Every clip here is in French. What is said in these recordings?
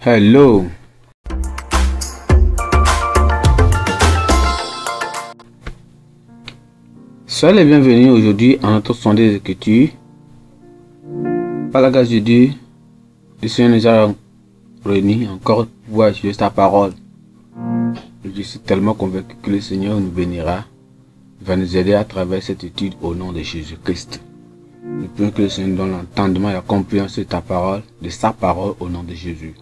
Hello. Soyez les bienvenus aujourd'hui à notre sondage des Écritures. Par la grâce de Dieu, le Seigneur nous a réunis encore pour pouvoir jouer sa parole. Je suis tellement convaincu que le Seigneur nous bénira. Il va nous aider à travers cette étude au nom de Jésus-Christ. Nous prions que le Seigneur donne l'entendement et la compréhension de ta parole, de sa parole au nom de Jésus.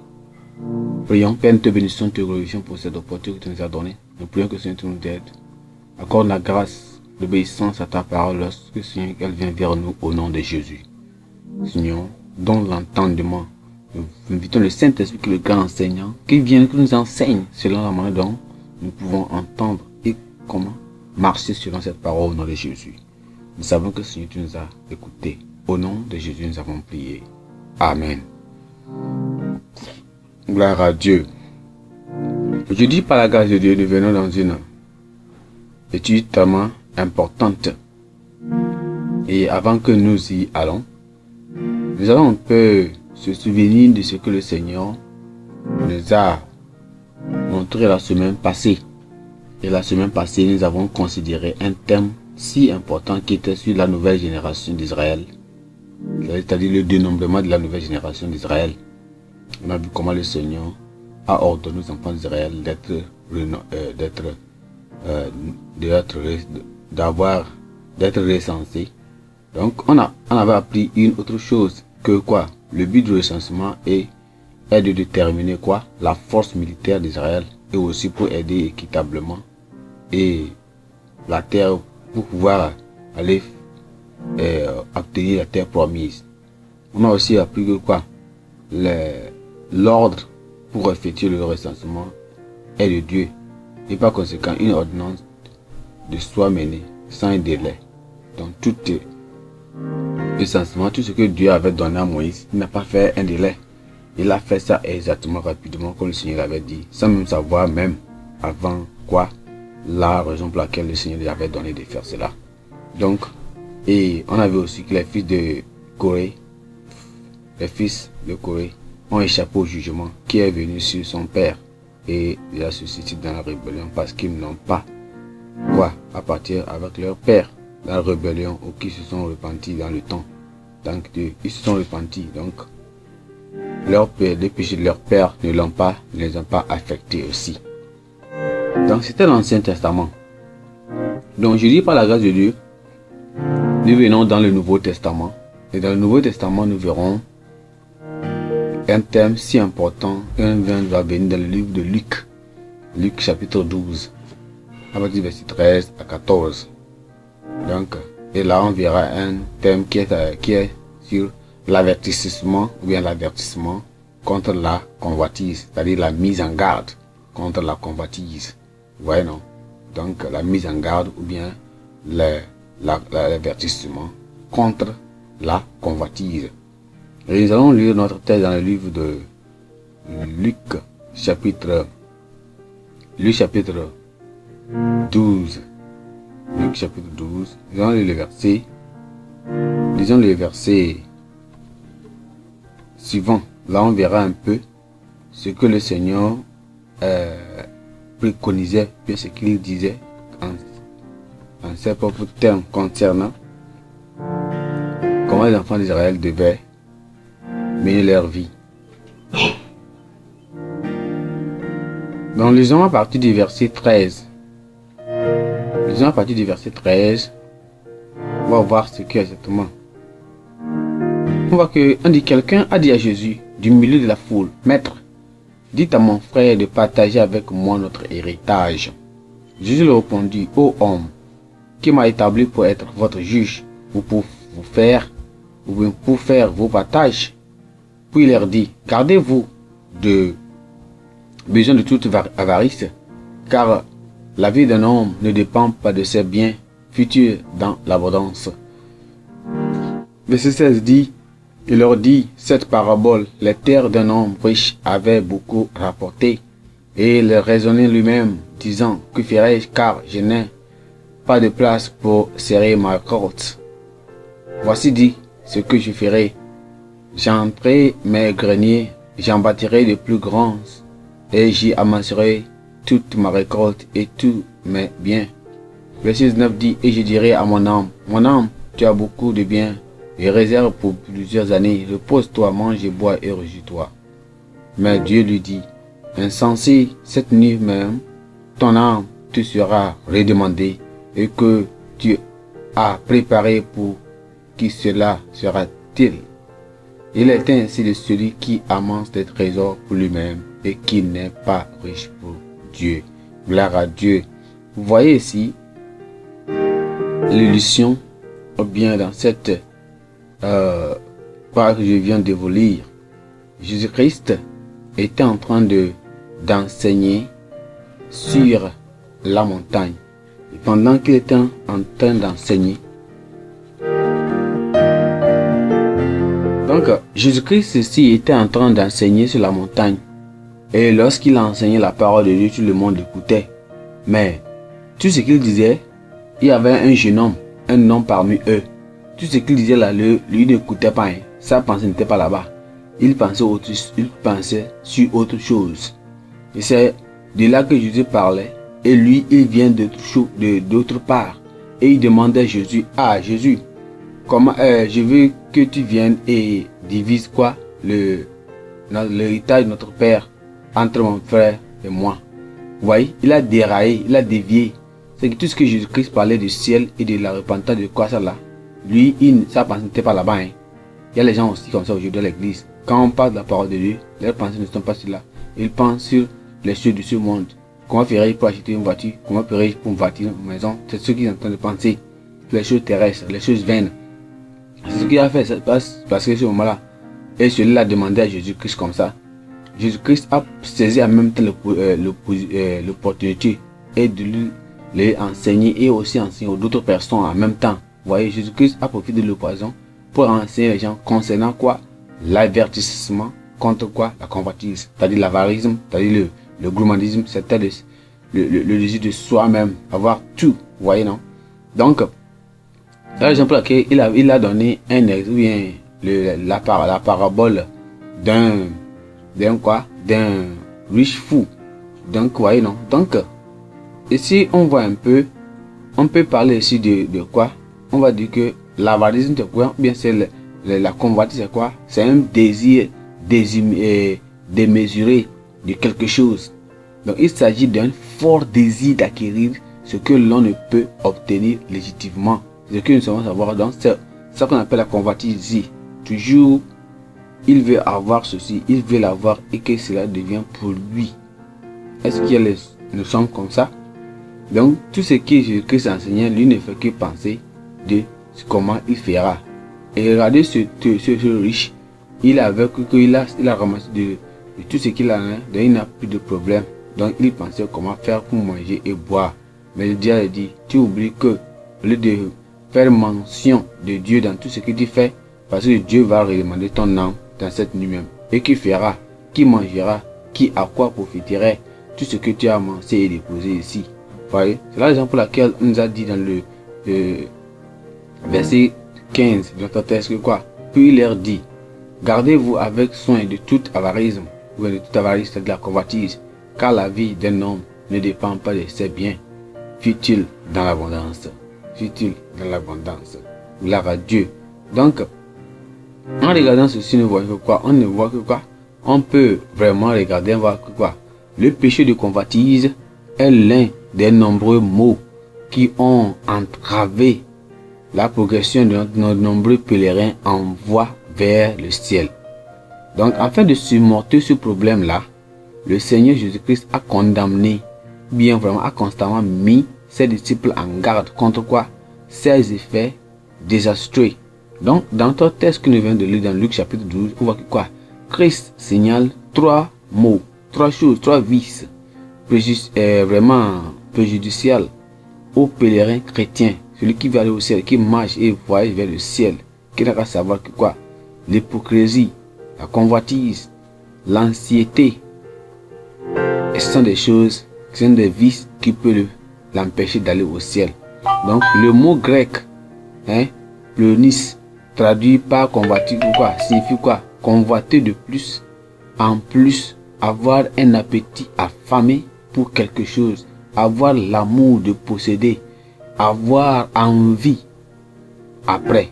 Prions, Père, nous te bénissons, te glorifions pour cette opportunité que tu nous as donnée. Nous prions que Seigneur, nous aide. Accorde la grâce, l'obéissance à ta parole lorsque, Seigneur, vient vers nous au nom de Jésus. Seigneur, donne l'entendement. Nous invitons le Saint-Esprit, le grand enseignant, qui vient, nous enseigne selon la manière dont nous pouvons entendre et comment marcher selon cette parole au nom de Jésus. Nous savons que Seigneur, tu nous as écoutés. Au nom de Jésus, nous avons prié. Amen. Gloire à Dieu. Je dis par la grâce de Dieu, nous venons dans une étude tellement importante. Et avant que nous y allons, nous allons un peu se souvenir de ce que le Seigneur nous a montré la semaine passée. Et la semaine passée, nous avons considéré un thème si important qui était sur la nouvelle génération d'Israël, c'est-à-dire le dénombrement de la nouvelle génération d'Israël. On a vu comment le Seigneur a ordonné aux enfants d'Israël d'être, euh, d'être, euh, d'être, d'avoir, d'être recensés. Donc, on, a, on avait appris une autre chose que quoi Le but du recensement est, est de déterminer quoi La force militaire d'Israël et aussi pour aider équitablement et la terre pour pouvoir aller euh, obtenir la terre promise. On a aussi appris que quoi les, L'ordre pour effectuer le recensement est de Dieu et par conséquent une ordonnance de soi menée sans délai. Donc tout recensement, tout ce que Dieu avait donné à Moïse, il n'a pas fait un délai. Il a fait ça exactement rapidement comme le Seigneur l'avait dit, sans même savoir même avant quoi la raison pour laquelle le Seigneur lui avait donné de faire cela. Donc, et on avait aussi que les fils de Corée, les fils de Corée ont échappé au jugement qui est venu sur son père et il a suscité dans la rébellion parce qu'ils n'ont pas quoi à partir avec leur père dans la rébellion ou qui se sont repentis dans le temps. Donc ils se sont repentis. Donc leur père, les péchés de leur père ne l'ont pas, ne les ont pas affectés aussi. Donc c'était l'Ancien Testament. Donc je dis par la grâce de Dieu, nous venons dans le Nouveau Testament. Et dans le Nouveau Testament, nous verrons un thème si important, un vin de venir dans le livre de Luc, Luc chapitre 12, à verset 13 à 14. Donc, et là, on verra un thème qui est, euh, qui est sur l'avertissement ou bien l'avertissement contre la convoitise, c'est-à-dire la mise en garde contre la convoitise. Vous non Donc, la mise en garde ou bien l'avertissement contre la convoitise. Et nous allons lire notre texte dans le livre de Luc, chapitre, Luc, chapitre 12. Luc, chapitre 12. Nous allons lire le verset. Lisons le suivant. Là, on verra un peu ce que le Seigneur euh, préconisait, puis ce qu'il disait en, en ses propres termes concernant comment les enfants d'Israël devaient mais leur vie. les les à partir du verset 13. les à partir du verset 13. On va voir ce qu'est exactement. On voit que on dit quelqu'un a dit à Jésus du milieu de la foule, Maître, dites à mon frère de partager avec moi notre héritage. Jésus lui répondit, Ô homme, qui m'a établi pour être votre juge ou pour vous faire ou pour faire vos partages puis il leur dit, gardez-vous de besoin de toute avarice, car la vie d'un homme ne dépend pas de ses biens futurs dans l'abondance. Verset 16 dit, il leur dit cette parabole, les terres d'un homme riche avaient beaucoup rapporté, et il raisonnait lui-même, disant, que ferai-je car je n'ai pas de place pour serrer ma corde. Voici dit ce que je ferai, J'entrai mes greniers, j'en bâtirai de plus grands, et j'y amasserai toute ma récolte et tous mes biens. Verset 9 dit, et je dirai à mon âme, mon âme, tu as beaucoup de biens, et réserve pour plusieurs années, repose-toi, mange et bois et rejouis toi Mais Dieu lui dit, insensé, cette nuit même, ton âme te sera redemandée, et que tu as préparé pour qui cela sera-t-il? Il est ainsi de celui qui amasse des trésors pour lui-même et qui n'est pas riche pour Dieu. Gloire à Dieu. Vous voyez ici l'illusion, ou bien dans cette euh, que je viens de vous lire, Jésus-Christ était en train de d'enseigner sur la montagne. Et pendant qu'il était en train d'enseigner, Jésus-Christ ceci, était en train d'enseigner sur la montagne. Et lorsqu'il enseignait la parole de Dieu, tout le monde écoutait. Mais, tout ce qu'il disait, il y avait un jeune homme, un homme parmi eux. Tout ce qu'il disait là, lui, lui n'écoutait pas. Hein. Sa pensée n'était pas là-bas. Il pensait, autre, il pensait sur autre chose. Et c'est de là que Jésus parlait. Et lui, il vient d'autre de, part. Et il demandait à Jésus, ah Jésus, comment, euh, je veux que tu viennes et divises quoi le l'héritage de notre père entre mon frère et moi. Vous voyez, il a déraillé, il a dévié. C'est que tout ce que Jésus-Christ parlait du ciel et de la repentance de quoi ça là, lui, il, sa pensée n'était pas là-bas. Hein. Il y a les gens aussi comme ça aujourd'hui à l'église. Quand on parle de la parole de Dieu, leurs pensées ne sont pas sur là. Ils pensent sur les choses de ce monde. Comment faire je pour acheter une voiture Comment faire je pour bâtir une maison C'est ce qu'ils entendent penser. Les choses terrestres, les choses vaines ce qu'il a fait, c'est parce, parce que ce moment-là, et celui-là demandé à Jésus-Christ comme ça. Jésus-Christ a saisi en même temps euh, euh, l'opportunité et de lui les enseigner et aussi enseigner aux d'autres personnes en même temps. Vous voyez, Jésus-Christ a profité de l'occasion pour enseigner les gens concernant quoi L'avertissement contre quoi La convertisse, c'est-à-dire l'avarisme, c'est-à-dire le, le gourmandisme, c'est-à-dire le, le, le désir de soi-même, avoir tout, vous voyez, non Donc, euh, Par exemple, il a, a donné un exemple, la, la parabole d'un, d'un quoi, d'un riche fou. Donc, voyez, non. Donc, ici, on voit un peu, on peut parler ici de, quoi On va dire que l'avarisme, de quoi Bien, c'est la convoitise, c'est quoi C'est un désir euh, démesuré de quelque chose. Donc, il s'agit d'un fort désir d'acquérir ce que l'on ne peut obtenir légitimement ce que nous savons avoir dans ce qu'on appelle la convoitise. Toujours, il veut avoir ceci, il veut l'avoir et que cela devient pour lui. Est-ce qu'il y a les comme ça Donc, tout ce que Jésus-Christ enseignait, lui ne fait que penser de comment il fera. Et regardez ce, ce, riche, il avait que qu'il a, il a ramassé de, de tout ce qu'il a, donc il n'a plus de problème. Donc, il pensait comment faire pour manger et boire. Mais le diable dit, tu oublies que, le... lieu faire mention de Dieu dans tout ce que tu fais, parce que Dieu va redemander ton nom dans cette nuit même. Et qui fera, qui mangera, qui à quoi profiterait tout ce que tu as mangé et déposé ici. Voyez, c'est la raison pour laquelle on nous a dit dans le euh, verset 15 de notre texte que quoi Puis il leur dit Gardez-vous avec soin de tout avarisme, ou de tout avarice, de la convoitise, car la vie d'un homme ne dépend pas de ses biens, fut-il dans l'abondance fit dans l'abondance. Gloire à Dieu. Donc, en regardant ceci, ne voit que quoi On ne voit que quoi On peut vraiment regarder, voir que quoi Le péché de convoitise est l'un des nombreux maux qui ont entravé la progression de nos nombreux pèlerins en voie vers le ciel. Donc, afin de surmonter ce problème-là, le Seigneur Jésus-Christ a condamné, bien vraiment, a constamment mis ces disciples en garde contre quoi Ces effets désastreux. Donc, dans ton texte que nous venons de lire dans Luc chapitre 12, on voit que quoi Christ signale trois mots, trois choses, trois vices euh, vraiment préjudiciales au pèlerin chrétien, celui qui va aller au ciel, qui marche et voyage vers le ciel, qui n'a qu'à savoir que quoi L'hypocrisie, la convoitise, l'anxiété, ce sont des choses, ce sont des vices qui peuvent l'empêcher d'aller au ciel. Donc le mot grec, hein, le nice traduit par convoiter ou quoi, signifie quoi Convoiter de plus, en plus, avoir un appétit affamé pour quelque chose, avoir l'amour de posséder, avoir envie après,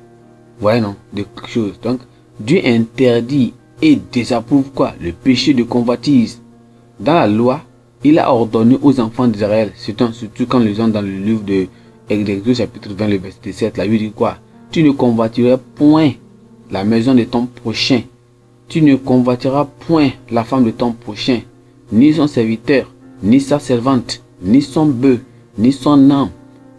ouais non, de quelque chose. Donc Dieu interdit et désapprouve quoi Le péché de convoitise. Dans la loi, il a ordonné aux enfants d'Israël, un surtout quand lisant dans le livre de Exode chapitre 20, le verset 7. la il dit quoi Tu ne convoiteras point la maison de ton prochain. Tu ne convoiteras point la femme de ton prochain, ni son serviteur, ni sa servante, ni son bœuf, ni son âme,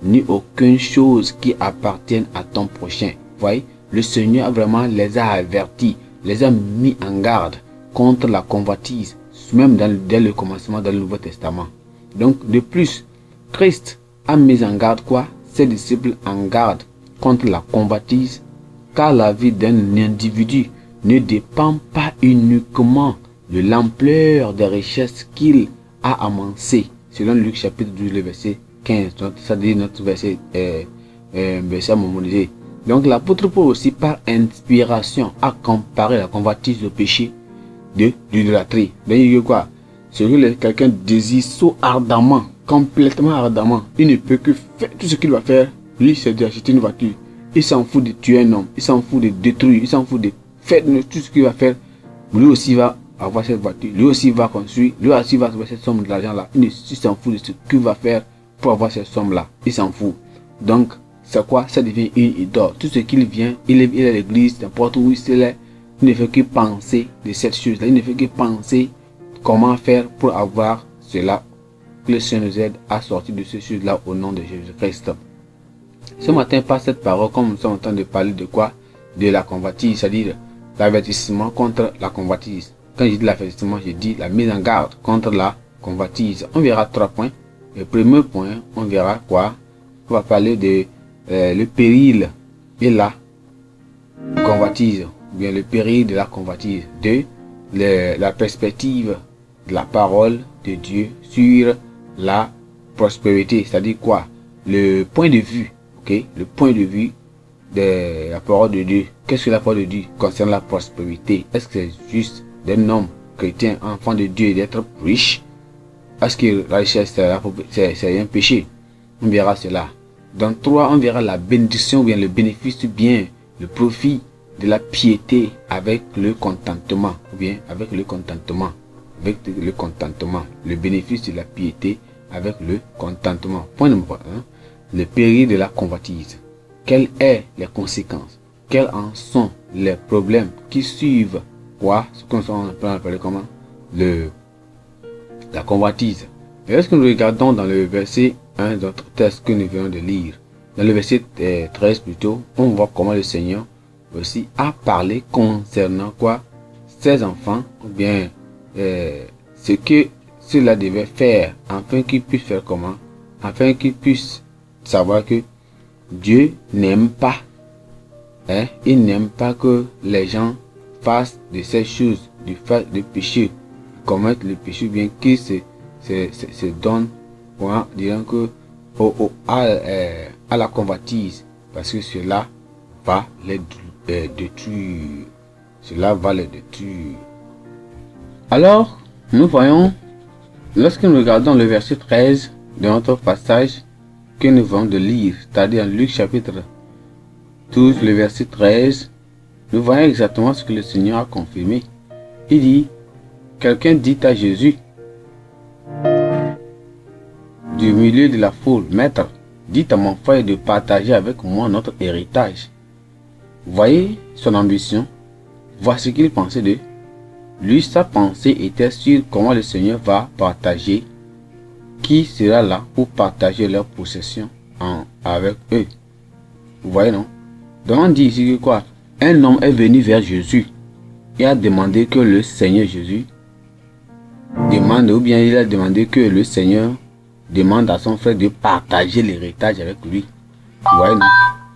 ni aucune chose qui appartienne à ton prochain. Voyez, le Seigneur vraiment les a avertis, les a mis en garde contre la convoitise, même dès le commencement dans le Nouveau Testament. Donc, de plus, Christ a mis en garde quoi Ses disciples en garde contre la combattise, car la vie d'un individu ne dépend pas uniquement de l'ampleur des richesses qu'il a amassées, selon Luc chapitre 12, le verset 15, c'est-à-dire notre verset, euh, euh, verset à mémoriser. Donc l'apôtre Paul aussi par inspiration a comparé la convoitise au péché de l'idolâtrie. D'ailleurs, quoi C'est que quelqu'un désire so ardemment, complètement ardemment, il ne peut que faire tout ce qu'il va faire. Lui, c'est d'acheter une voiture. Il s'en fout de tuer un homme, il s'en fout de détruire, il s'en fout de faire tout ce qu'il va faire. Lui aussi va avoir cette voiture, lui aussi va construire, lui aussi va avoir cette somme de l'argent là Il s'en fout de ce qu'il va faire pour avoir cette somme-là. Il s'en fout. Donc, c'est quoi Ça devient une idole. Tout ce qu'il vient, il est, il est à l'église, n'importe où il est, ne fait que penser de cette chose-là. Il ne fait que penser comment faire pour avoir cela. Que le Seigneur nous aide à sortir de ce chose-là au nom de Jésus-Christ. Ce matin, par cette parole, comme nous sommes en train de parler de quoi De la convoitise, c'est-à-dire l'avertissement contre la convoitise. Quand je dis l'avertissement, je dis la mise en garde contre la convoitise. On verra trois points. Le premier point, on verra quoi On va parler de euh, le péril et la convoitise bien le péril de la convoitise. de la perspective de la parole de Dieu sur la prospérité. C'est-à-dire quoi Le point de vue, ok Le point de vue de la parole de Dieu. Qu'est-ce que la parole de Dieu concerne la prospérité Est-ce que c'est juste d'un homme chrétien, enfant de Dieu, d'être riche Est-ce que la richesse, c'est un péché On verra cela. Dans trois, on verra la bénédiction, ou bien le bénéfice, ou bien le profit de la piété avec le contentement, ou bien avec le contentement, avec le contentement, le bénéfice de la piété avec le contentement. Point numéro 1, hein, le péril de la convoitise. Quelles sont les conséquences Quels en sont les problèmes qui suivent quoi Ce qu'on appelle comment le, La convoitise. Et lorsque nous regardons dans le verset 1 de notre texte que nous venons de lire, dans le verset 13 euh, plutôt, on voit comment le Seigneur aussi à parler concernant quoi ses enfants ou bien euh, ce que cela devait faire afin qu'ils puisse faire comment afin qu'ils puissent savoir que Dieu n'aime pas hein? il n'aime pas que les gens fassent de ces choses du fait de péché commettre le péché bien qu'ils se, se, se, donnent que au euh, à, la convoitise parce que cela va les douleurs de tu Cela va les détruire. Alors, nous voyons, lorsque nous regardons le verset 13 de notre passage que nous venons de lire, c'est-à-dire Luc chapitre 12, le verset 13, nous voyons exactement ce que le Seigneur a confirmé. Il dit, quelqu'un dit à Jésus, du milieu de la foule, Maître, dites à mon frère de partager avec moi notre héritage. Voyez son ambition. Voici ce qu'il pensait de lui. Sa pensée était sur comment le Seigneur va partager, qui sera là pour partager leur possession en, avec eux. Vous voyez, non Donc on dit ici que quoi Un homme est venu vers Jésus et a demandé que le Seigneur Jésus demande, ou bien il a demandé que le Seigneur demande à son frère de partager l'héritage avec lui. Vous voyez, non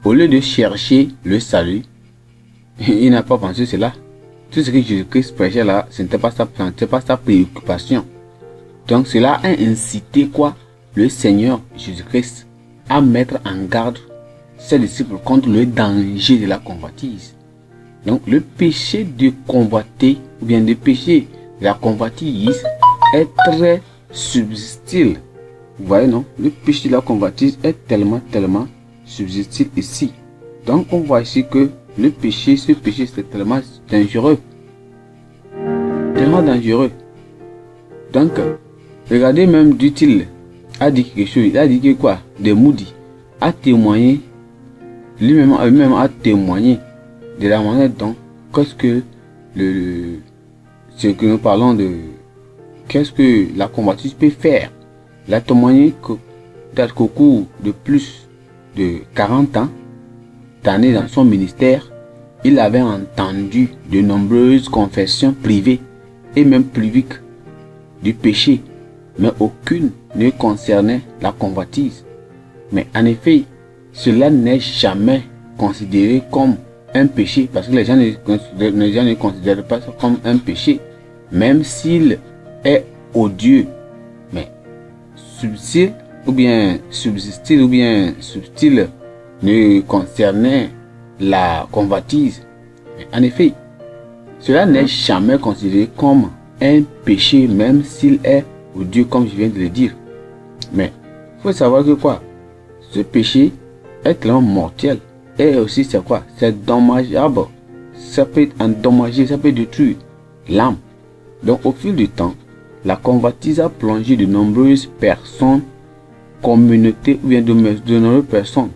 au lieu de chercher le salut, il n'a pas pensé cela. Tout ce que Jésus-Christ prêchait là, ce n'était pas sa pas sa préoccupation. Donc cela a incité quoi Le Seigneur Jésus-Christ à mettre en garde ses disciples contre le danger de la convoitise. Donc le péché de convoiter ou bien le péché la convoitise est très subtil. Vous voyez non Le péché de la convoitise est tellement, tellement subsiste ici Donc on voit ici que le péché, ce péché c'est tellement dangereux. Tellement dangereux. Donc, regardez même, dit-il, a dit quelque chose. Il a dit que quoi De Moody a témoigné, lui-même lui -même a témoigné de la manière dont, qu'est-ce que le, ce que nous parlons de, qu'est-ce que la combattante peut faire. La témoigner témoigné que, d'être de plus de 40 ans, d'années dans son ministère, il avait entendu de nombreuses confessions privées et même publiques du péché, mais aucune ne concernait la convoitise. Mais en effet, cela n'est jamais considéré comme un péché, parce que les gens ne, considèrent pas ça comme un péché, même s'il est odieux. Mais subtil ou bien subtil ou bien subtil, ne concernait la convoitise. En effet, cela n'est jamais considéré comme un péché, même s'il est odieux, comme je viens de le dire. Mais il faut savoir que quoi Ce péché est tellement mortel. Et aussi, c'est quoi C'est dommageable. Ça peut endommager, ça peut détruire l'âme. Donc, au fil du temps, la convoitise a plongé de nombreuses personnes communauté ou bien de, de nombreuses personnes.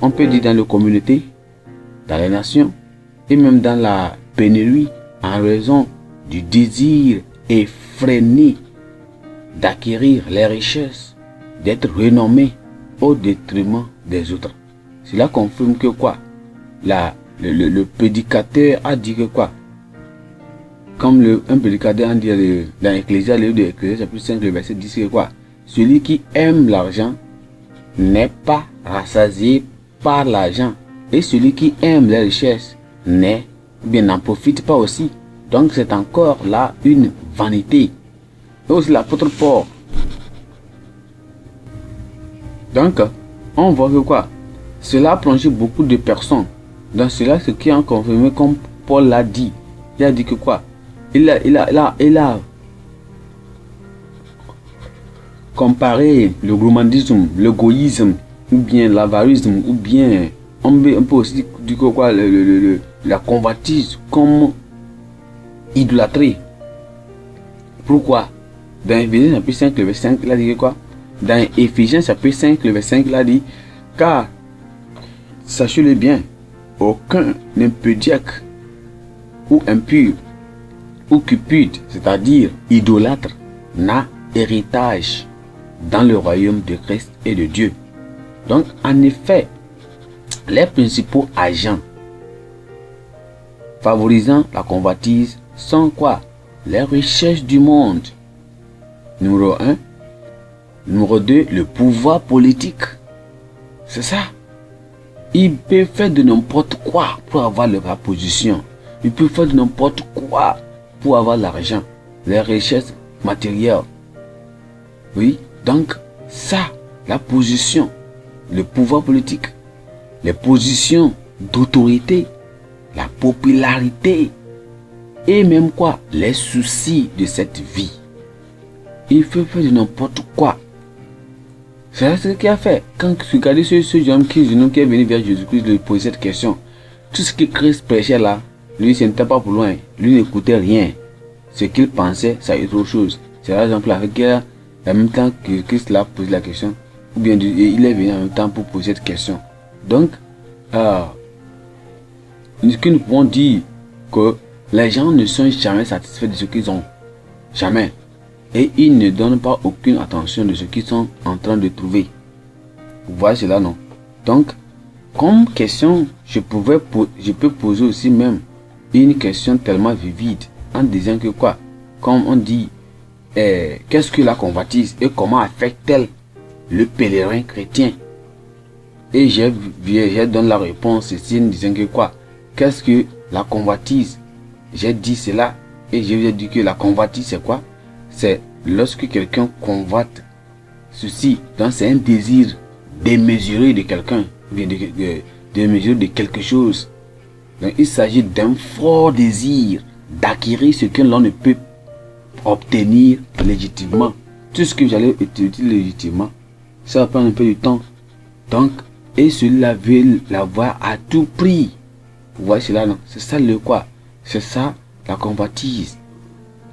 On peut dire dans les communautés, dans les nations et même dans la pénurie en raison du désir effréné d'acquérir les richesses, d'être renommé au détriment des autres. Cela confirme que quoi la, le, le, prédicateur a dit que quoi Comme le, un prédicateur a dit dans l'Ecclésia, le livre de l'Ecclésia, chapitre 5, le verset 10, que quoi celui qui aime l'argent n'est pas rassasié par l'argent. Et celui qui aime la richesse n'est, bien n'en profite pas aussi. Donc c'est encore là une vanité. Et aussi l'apôtre Paul. Donc, on voit que quoi Cela a plongé beaucoup de personnes dans cela, ce qui est confirmé comme Paul l'a dit. Il a dit que quoi il il a, il a, il a comparer le gourmandisme, l'égoïsme, ou bien l'avarisme, ou bien on peut, aussi quoi, le, la convoitise comme idolâtrie. Pourquoi Dans Ephésiens chapitre 5, le verset 5, il a dit quoi Dans Ephésiens chapitre 5, le verset 5, il a dit Car, sachez-le bien, aucun impédiaque ou impur ou cupide, c'est-à-dire idolâtre, n'a héritage dans le royaume de Christ et de Dieu. Donc, en effet, les principaux agents favorisant la convoitise sont quoi Les recherches du monde. Numéro 1. Numéro 2, le pouvoir politique. C'est ça. Il peut faire de n'importe quoi pour avoir la position. Il peut faire de n'importe quoi pour avoir l'argent, les richesses matérielles. Oui, donc, ça, la position, le pouvoir politique, les positions d'autorité, la popularité, et même quoi, les soucis de cette vie. Il fait faire de n'importe quoi. C'est ce qu'il a fait. Quand tu regardes ce, ce jeune qui, homme qui est venu vers Jésus-Christ lui poser cette question, tout ce que Christ prêchait là, lui, ce n'était pas pour loin. Lui n'écoutait rien. Ce qu'il pensait, ça est autre chose. C'est l'exemple exemple la en même temps que Christ l'a posé la question, ou bien il est venu en même temps pour poser cette question. Donc, euh, ce que nous dire, que les gens ne sont jamais satisfaits de ce qu'ils ont. Jamais. Et ils ne donnent pas aucune attention de ce qu'ils sont en train de trouver. Vous voyez cela, non Donc, comme question, je, pouvais, je peux poser aussi même une question tellement vivide en disant que quoi Comme on dit, eh, qu'est-ce que la convoitise et comment affecte-t-elle le pèlerin chrétien Et je j'ai donné la réponse ici en disant que quoi Qu'est-ce que la convoitise J'ai dit cela et j'ai dit que la convoitise c'est quoi C'est lorsque quelqu'un convoite ceci, dans c'est un désir démesuré de quelqu'un, de, de, de, de quelque chose. il s'agit d'un fort désir d'acquérir ce que l'on ne peut obtenir légitimement. Tout ce que j'allais utiliser légitimement, ça prend un peu de temps. Donc, et cela veut veut l'avoir à tout prix. Vous voyez cela, non C'est ça le quoi C'est ça la convoitise.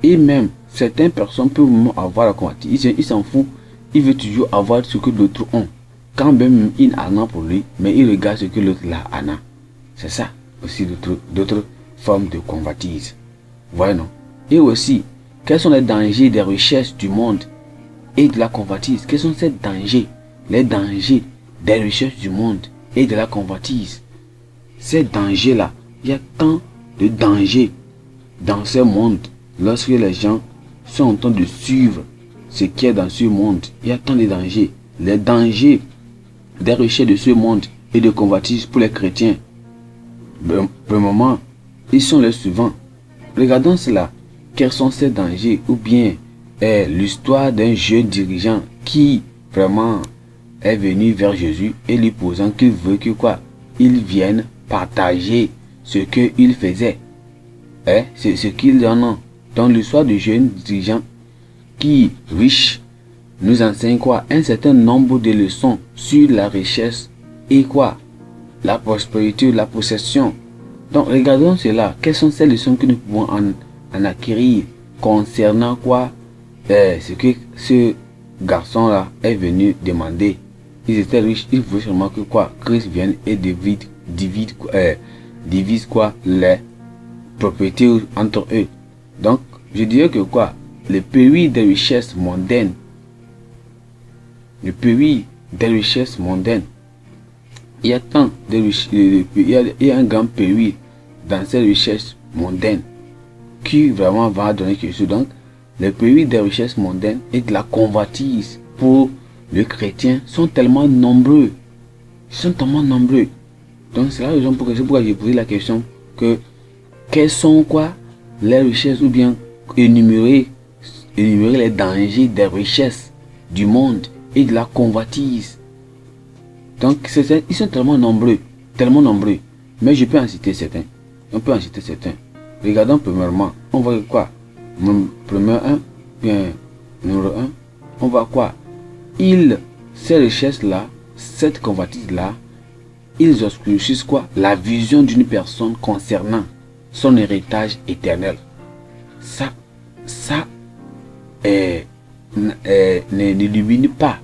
Et même, certaines personnes peuvent avoir la convoitise. Ils s'en foutent. Ils veulent toujours avoir ce que d'autres ont. Quand même, il en a pour lui, mais il regarde ce que l'autre là en a. C'est ça aussi d'autres formes de convoitise. Vous voyez, non Et aussi, quels sont les dangers des richesses du monde et de la convoitise Quels sont ces dangers Les dangers des richesses du monde et de la convoitise. Ces dangers-là, il y a tant de dangers dans ce monde lorsque les gens sont en train de suivre ce qui est dans ce monde. Il y a tant de dangers. Les dangers des richesses de ce monde et de convoitise pour les chrétiens. Pour le moment, ils sont les suivants. Regardons cela quels sont ces dangers ou bien est eh, l'histoire d'un jeune dirigeant qui vraiment est venu vers Jésus et lui posant qu'il veut que quoi Il vienne partager ce qu'il faisait. et eh, c'est ce qu'il en a. Dans l'histoire du jeune dirigeant qui, riche, nous enseigne quoi Un certain nombre de leçons sur la richesse et quoi La prospérité, la possession. Donc regardons cela. Quelles sont ces leçons que nous pouvons en en acquérir concernant quoi euh, ce que ce garçon-là est venu demander. Ils étaient riches, il voulaient seulement que quoi Christ vienne et divide, divide, euh, divise quoi les propriétés entre eux. Donc, je dirais que quoi Le pays des richesses mondaines, le pays des richesses mondaines, il y a tant de richesses, il y a un grand pays dans ces richesses mondaines qui vraiment va donner quelque chose. Donc, les pays des richesses mondaines et de la convoitise pour le chrétien sont tellement nombreux. Ils sont tellement nombreux. Donc, c'est la raison pour laquelle j'ai posé la question que quelles sont quoi les richesses ou bien énumérer, énumérer les dangers des richesses du monde et de la convoitise. Donc, ils sont tellement nombreux, tellement nombreux. Mais je peux en citer certains. On peut en citer certains. Regardons premièrement, on voit quoi Premier 1, bien numéro 1, on voit quoi Il, ces richesses-là, cette convoitise-là, ils obscurcissent quoi La vision d'une personne concernant son héritage éternel. Ça, ça eh, eh, n'illumine pas.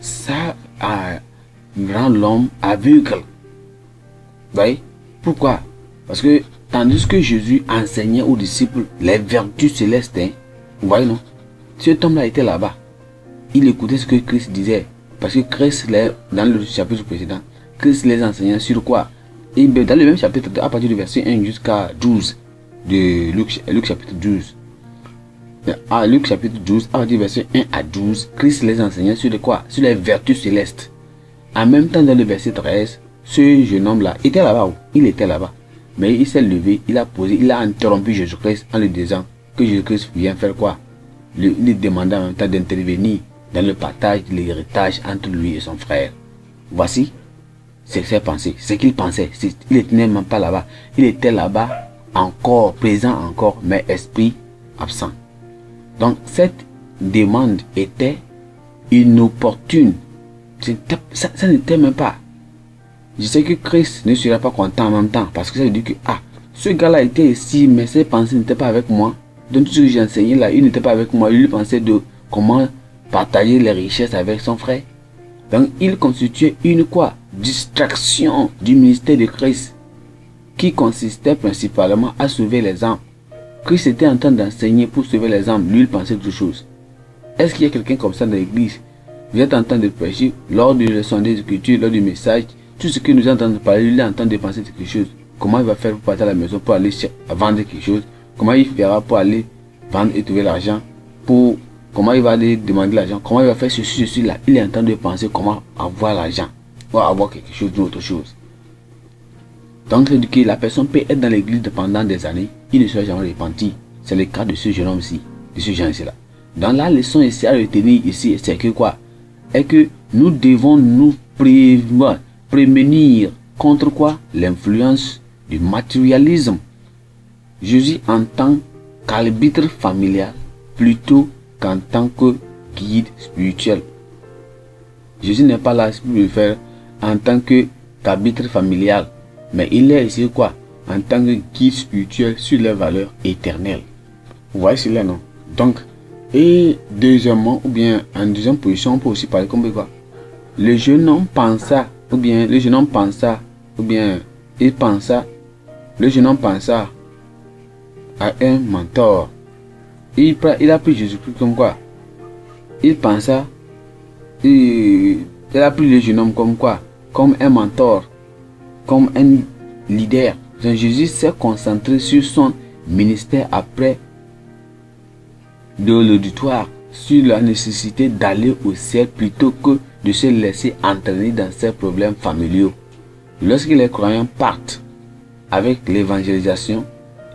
Ça ah, rend l'homme aveugle. Vous voyez Pourquoi Parce que Tandis que Jésus enseignait aux disciples les vertus célestes. Hein. Vous voyez, non Cet homme-là était là-bas. Il écoutait ce que Christ disait. Parce que Christ, dans le chapitre précédent, Christ les enseignait sur quoi dans le même chapitre, à partir du verset 1 jusqu'à 12 de Luc, chapitre 12. À Luc chapitre 12, ah, à partir du verset 1 à 12, Christ les enseignait sur quoi Sur les vertus célestes. En même temps, dans le verset 13, ce jeune homme-là était là-bas. Il était là-bas. Mais il s'est levé, il a posé, il a interrompu Jésus-Christ en lui disant que Jésus-Christ vient faire quoi lui, lui demandant en même temps d'intervenir dans le partage de l'héritage entre lui et son frère. Voici c'est ses pensées, ce qu'il pensait. Il n'était même pas là-bas. Il était là-bas encore, présent encore, mais esprit absent. Donc cette demande était inopportune. ça n'était même pas je sais que Chris ne sera pas content en même temps parce que ça veut dire que ah, ce gars-là était ici, mais ses pensées n'étaient pas avec moi. Donc tout ce que j'ai enseigné là, il n'était pas avec moi. Il pensait de comment partager les richesses avec son frère. Donc il constituait une quoi Distraction du ministère de Christ qui consistait principalement à sauver les âmes. Christ était en train d'enseigner pour sauver les âmes. Lui, il pensait d'autres choses. Est-ce qu'il y a quelqu'un comme ça dans l'église Vous êtes en train de prêcher lors de leçon des écritures, lors du message, tout ce que nous entendons parler, il est en train de penser quelque chose. Comment il va faire pour partir à la maison pour aller vendre quelque chose Comment il fera pour aller vendre et trouver l'argent pour Comment il va aller demander l'argent Comment il va faire ceci, ceci, là Il est en train de penser comment avoir l'argent pour avoir quelque chose d'autre chose. Donc, que la personne peut être dans l'église pendant des années, il ne sera jamais repenti. C'est le cas de ce jeune homme-ci, de ce jeune ici-là. Dans la leçon ici à retenir ici, c'est que quoi Est que nous devons nous prévoir Prévenir contre quoi L'influence du matérialisme. Jésus en tant qu'arbitre familial plutôt qu'en tant que guide spirituel. Jésus n'est pas là pour le faire en tant que familial, mais il est ici quoi En tant que guide spirituel sur les valeurs éternelles. Vous voyez cela, non Donc, et deuxièmement, ou bien en deuxième position, on peut aussi parler comme quoi Le jeune homme pensa ou bien le jeune homme pensa, ou bien il pensa, le jeune homme pensa à un mentor. Il, il a pris Jésus-Christ comme quoi Il pensa, il, il a pris le jeune homme comme quoi Comme un mentor, comme un leader. Donc Jésus s'est concentré sur son ministère après de l'auditoire, sur la nécessité d'aller au ciel plutôt que de se laisser entraîner dans ses problèmes familiaux. Lorsque les croyants partent avec l'évangélisation,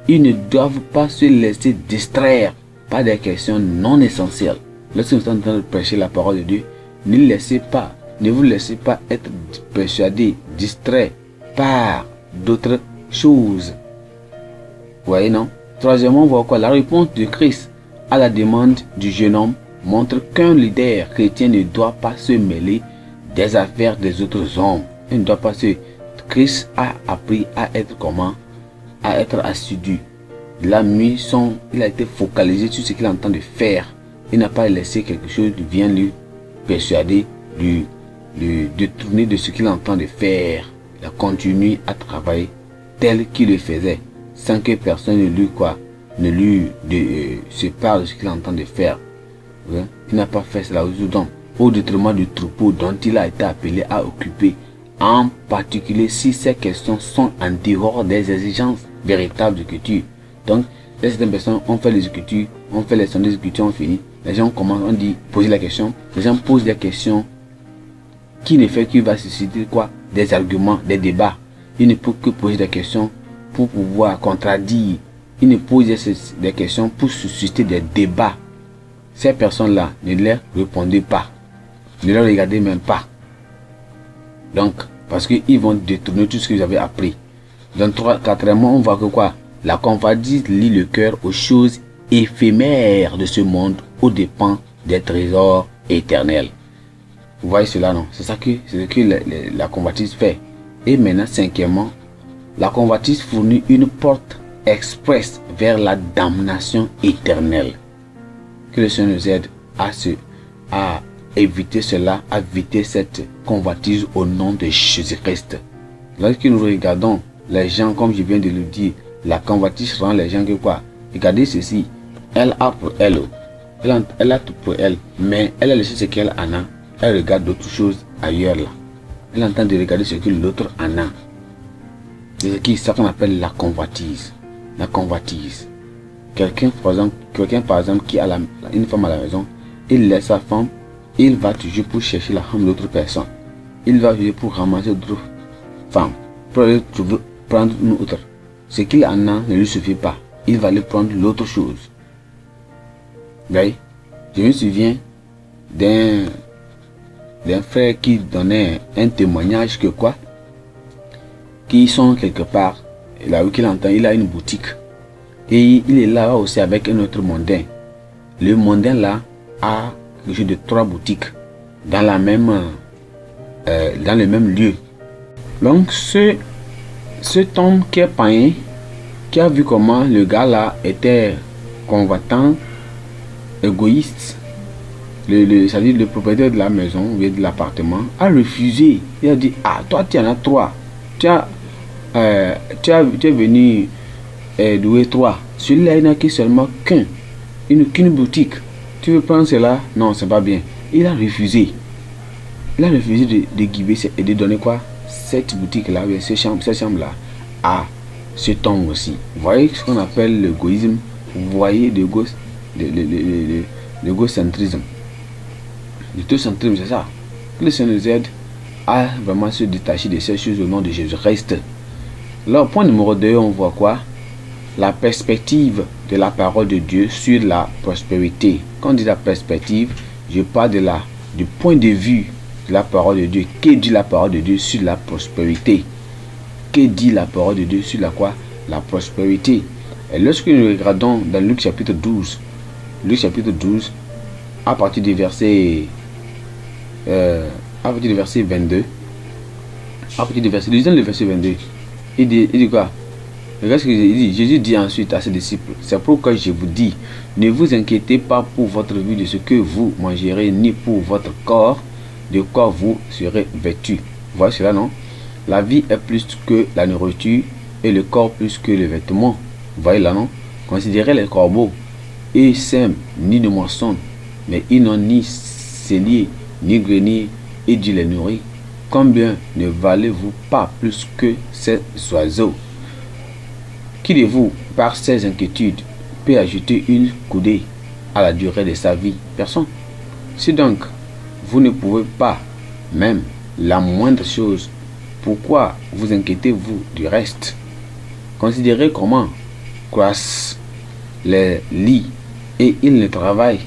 ils ne doivent pas se laisser distraire par des questions non essentielles. Lorsque vous êtes en train de prêcher la parole de Dieu, ne laissez pas, ne vous laissez pas être persuadé, distrait par d'autres choses. Vous voyez, non Troisièmement, on voit quoi La réponse de Christ à la demande du jeune homme montre qu'un leader chrétien ne doit pas se mêler des affaires des autres hommes. Il ne doit pas se... Christ a appris à être comment À être assidu. Il a mis son... Il a été focalisé sur ce qu'il entend de faire. Il n'a pas laissé quelque chose de vient lui persuader, de de détourner de ce qu'il entend de faire. Il a continué à travailler tel qu'il le faisait, sans que personne ne lui, quoi, ne lui de, euh, se parle de ce qu'il entend de faire il n'a pas fait cela aux donc au détriment du troupeau dont il a été appelé à occuper, en particulier si ces questions sont en dehors des exigences véritables de culture. Donc, certaines personnes ont fait les écritures, ont fait les sons des écritures, ont fini. Les gens commencent, on dit, poser la question. Les gens posent des questions qui ne fait qu'il va susciter quoi Des arguments, des débats. Il ne peut que poser des questions pour pouvoir contradire. Il ne pose des questions pour susciter des débats ces personnes-là, ne les répondez pas. Ne les regardez même pas. Donc, parce qu'ils vont détourner tout ce que vous avez appris. Dans trois, quatrièmement, on voit que quoi La convoitise lit le cœur aux choses éphémères de ce monde aux dépens des trésors éternels. Vous voyez cela, non C'est ça que, ce que la, la, convoitise fait. Et maintenant, cinquièmement, la convoitise fournit une porte express vers la damnation éternelle. Que le Seigneur nous aide à, à éviter cela, à éviter cette convoitise au nom de Jésus-Christ. Lorsque nous regardons les gens, comme je viens de le dire, la convoitise rend les gens que quoi Regardez ceci. Elle a pour elle, elle, elle a tout pour elle, mais elle a laissé ce qu'elle en a. Elle regarde d'autres choses ailleurs là. Elle entend de regarder ce que l'autre en a. C'est ce qu'on appelle la convoitise. La convoitise. Quelqu'un, par, exemple, qui a une femme à la maison, il laisse sa femme, il va toujours pour chercher la femme d'autre personne. Il va toujours pour ramasser d'autres femmes, pour aller prendre une autre. Ce qu'il en a ne lui suffit pas. Il va lui prendre l'autre chose. je me souviens d'un frère qui donnait un témoignage que quoi Qui sont quelque part, là où qu'il entend, il a une boutique. Et il est là aussi avec un autre mondain. Le mondain là a quelque de trois boutiques dans, la même, euh, dans le même lieu. Donc ce, cet homme qui est païen, qui a vu comment le gars là était combattant, égoïste, le, le cest dire le propriétaire de la maison ou de l'appartement, a refusé. Il a dit, ah, toi, tu en as trois. Tu, as, euh, tu, as, tu es venu est doué toi. Celui-là, il n'a seulement qu'un. une qu'une boutique. Tu veux prendre cela Non, c'est pas bien. Il a refusé. Il a refusé de, de guider et de donner quoi Cette boutique-là, cette chambre-là, à cet homme aussi. Vous voyez ce qu'on appelle l'égoïsme. Vous voyez le l'égocentrisme. Le centrisme c'est ça. Que le Seigneur nous aide à vraiment se détacher de ces choses au nom de jésus reste. Là, au point numéro 2, on voit quoi la perspective de la parole de Dieu sur la prospérité. Quand je dit la perspective, je parle de la, du point de vue de la parole de Dieu. Que dit la parole de Dieu sur la prospérité Que dit la parole de Dieu sur la quoi La prospérité. Et lorsque nous regardons dans Luc chapitre 12, Luc chapitre 12, à partir du verset, euh, à partir du verset 22, à partir du verset, le verset 22, il dit, il dit quoi ce Jésus dit ensuite à ses disciples, c'est pourquoi je vous dis, ne vous inquiétez pas pour votre vie de ce que vous mangerez, ni pour votre corps de quoi vous serez vêtu. Voyez cela, non La vie est plus que la nourriture et le corps plus que les vêtements. Voyez là, non Considérez les corbeaux. Ils sèment ni de moisson, mais ils n'ont ni cellier, ni grenier, et ils les nourrissent. Combien ne valez-vous pas plus que ces oiseaux qui de vous, par ses inquiétudes, peut ajouter une coudée à la durée de sa vie Personne. Si donc vous ne pouvez pas, même la moindre chose, pourquoi vous inquiétez-vous du reste Considérez comment croissent les lits et ils ne travaillent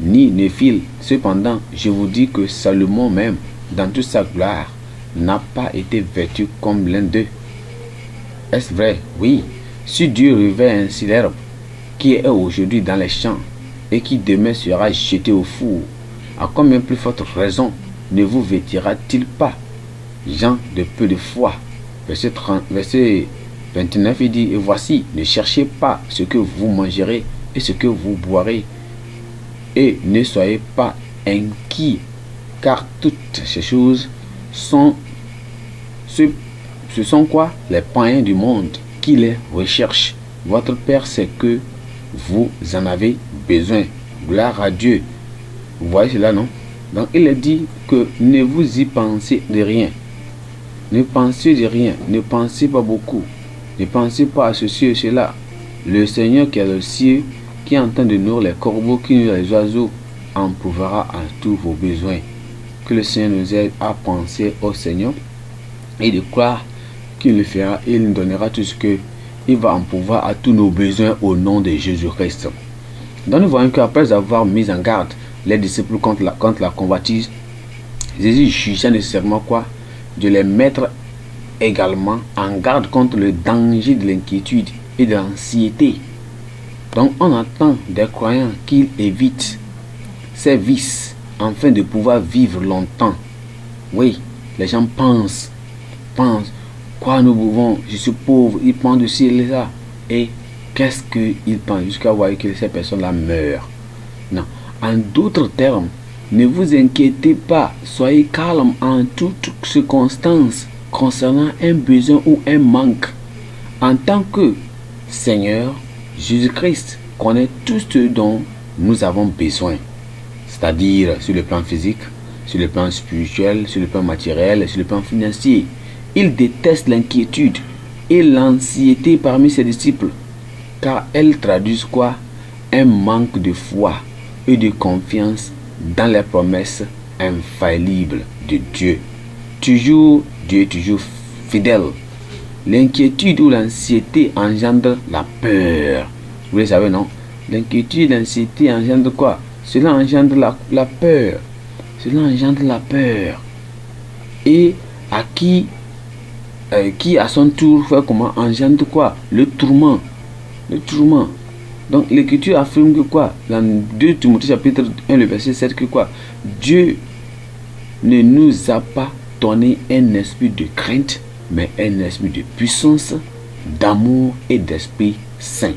ni ne filent. Cependant, je vous dis que Salomon même, dans toute sa gloire, n'a pas été vêtu comme l'un d'eux. Est-ce vrai Oui. Si Dieu revêt ainsi l'herbe qui est aujourd'hui dans les champs et qui demain sera jetée au four, à combien plus forte raison ne vous vêtira-t-il pas Jean de peu de foi. Verset, 29, il dit, et voici, ne cherchez pas ce que vous mangerez et ce que vous boirez, et ne soyez pas inquiets, car toutes ces choses sont ce ce sont quoi Les païens du monde qui les recherchent. Votre Père sait que vous en avez besoin. Gloire à Dieu. Vous voyez cela, non Donc il est dit que ne vous y pensez de rien. Ne pensez de rien. Ne pensez pas beaucoup. Ne pensez pas à ce et cela. Le Seigneur qui est le ciel, qui entend de nous les corbeaux, qui nous les oiseaux, en prouvera à tous vos besoins. Que le Seigneur nous aide à penser au Seigneur et de croire qu'il le fera et il nous donnera tout ce qu'il va en pouvoir à tous nos besoins au nom de Jésus-Christ. Donc nous voyons qu'après avoir mis en garde les disciples contre la, contre la convoitise, Jésus jugeait nécessairement quoi De les mettre également en garde contre le danger de l'inquiétude et de l'anxiété. Donc on attend des croyants qu'ils évitent ces vices afin de pouvoir vivre longtemps. Oui, les gens pensent, pensent Quoi nous pouvons Je suis pauvre, il prend de ci et de là. Et qu'est-ce qu'il prend Jusqu'à voir que ces personnes-là meurent. Non. En d'autres termes, ne vous inquiétez pas, soyez calme en toutes circonstances concernant un besoin ou un manque. En tant que Seigneur, Jésus-Christ connaît tout ce dont nous avons besoin, c'est-à-dire sur le plan physique, sur le plan spirituel, sur le plan matériel, sur le plan financier. Il déteste l'inquiétude et l'anxiété parmi ses disciples, car elles traduisent quoi Un manque de foi et de confiance dans les promesses infaillibles de Dieu. Toujours, Dieu est toujours fidèle. L'inquiétude ou l'anxiété engendre la peur. Vous le savez, non L'inquiétude, l'anxiété engendre quoi Cela engendre la, la peur. Cela engendre la peur. Et à qui euh, qui à son tour fait comment engendre quoi Le tourment. Le tourment. Donc l'écriture affirme que quoi Dans 2 Timothée chapitre 1, le verset 7, que quoi Dieu ne nous a pas donné un esprit de crainte, mais un esprit de puissance, d'amour et d'esprit saint.